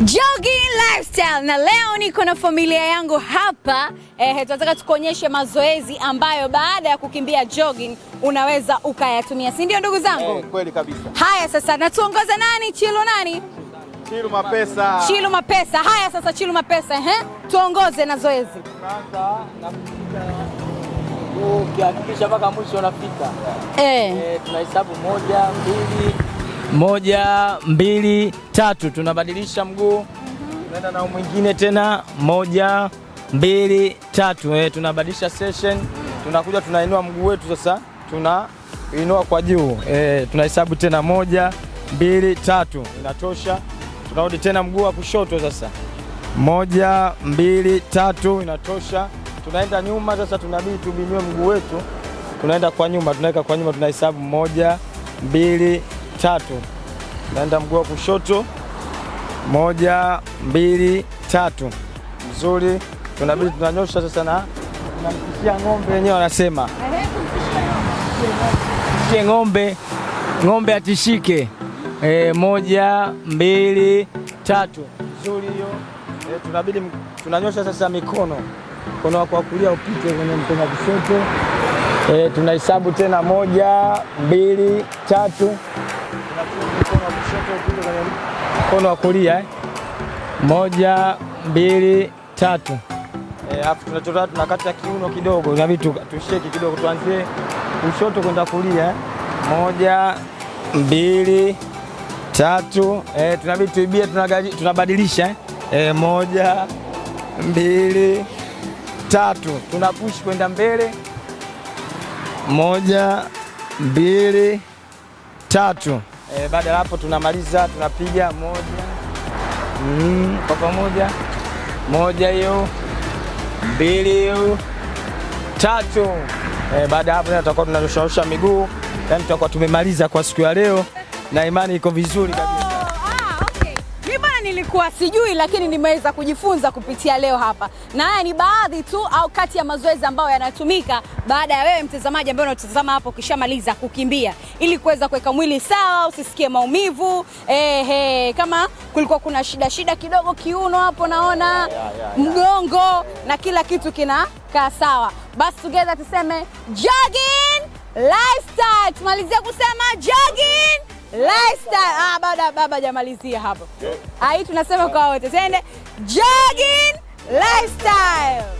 Jogging lifestyle na leo niko na familia yangu hapa eh, tunataka tukuonyeshe mazoezi ambayo baada ya kukimbia jogging unaweza ukayatumia, si ndio ndugu zangu? Eh, kweli kabisa. Haya sasa, natuongoza nani? Chilu nani? Chilu Mapesa. Chilu Mapesa. Haya sasa, Chilu Mapesa, ehe, tuongoze na zoezi. Ukihakikisha mpaka mwisho unafika. Eh. Eh, tunahesabu moja, mbili moja, mbili, tatu, tunabadilisha mguu tunaenda na mwingine tena, moja, mbili, tatu. E, tunabadilisha session, tunakuja tunainua mguu wetu sasa, tunainua kwa juu e, tunahesabu tena, moja, mbili, tatu, inatosha. Tunarudi tena mguu wa kushoto sasa, moja, mbili, tatu, inatosha. Tunaenda nyuma sasa, tunabidi tubinue mguu wetu, tunaenda kwa nyuma, tunaweka kwa nyuma, tunahesabu moja, mbili, tatu naenda mguu wa kushoto, moja mbili tatu, mzuri. Tunabidi tunanyosha sasa, na tunamkishia ng'ombe wenyewe, wanasema kishie ng'ombe, ng'ombe atishike. E, moja mbili tatu, mzuri hiyo. E, tunabidi tunanyosha sasa mikono, mkono wako wa kulia upite kwenye mkono wa kushoto. E, tunahesabu tena moja mbili tatu mkono wa kulia eh. Moja, mbili, tatu. Eh, alafu e, tunachota tunakata kiuno kidogo, inabidi tusheki kidogo, tuanzie kushoto kwenda kulia eh. Moja, mbili, tatu. E, tunabidi tuibie, tunabadilisha eh. E, moja, mbili, tatu, tunapush kwenda mbele. Moja, mbili, tatu e, baada ya hapo tunamaliza tunapiga moja mm, kwa pamoja moja hiyo mbili hiyo tatu e, baada ya hapo tutakuwa tunarusharusha miguu, yaani tutakuwa tumemaliza kwa siku ya leo na imani iko vizuri kabisa nilikuwa sijui, lakini nimeweza kujifunza kupitia leo hapa, na haya ni baadhi tu au kati ya mazoezi ambayo yanatumika baada ya wewe mtazamaji ambaye unatazama hapo ukishamaliza kukimbia, ili kuweza kuweka mwili sawa, usisikie maumivu. Ehe, kama kulikuwa kuna shida shida kidogo kiuno hapo, naona mgongo na kila kitu kinakaa sawa, basi together tuseme jogging lifestyle. Tumalizia kusema jogging Lifestyle. Ah, baba baba jamalizia hapo. Ai, tunasema kwa wote. Twende jogging lifestyle.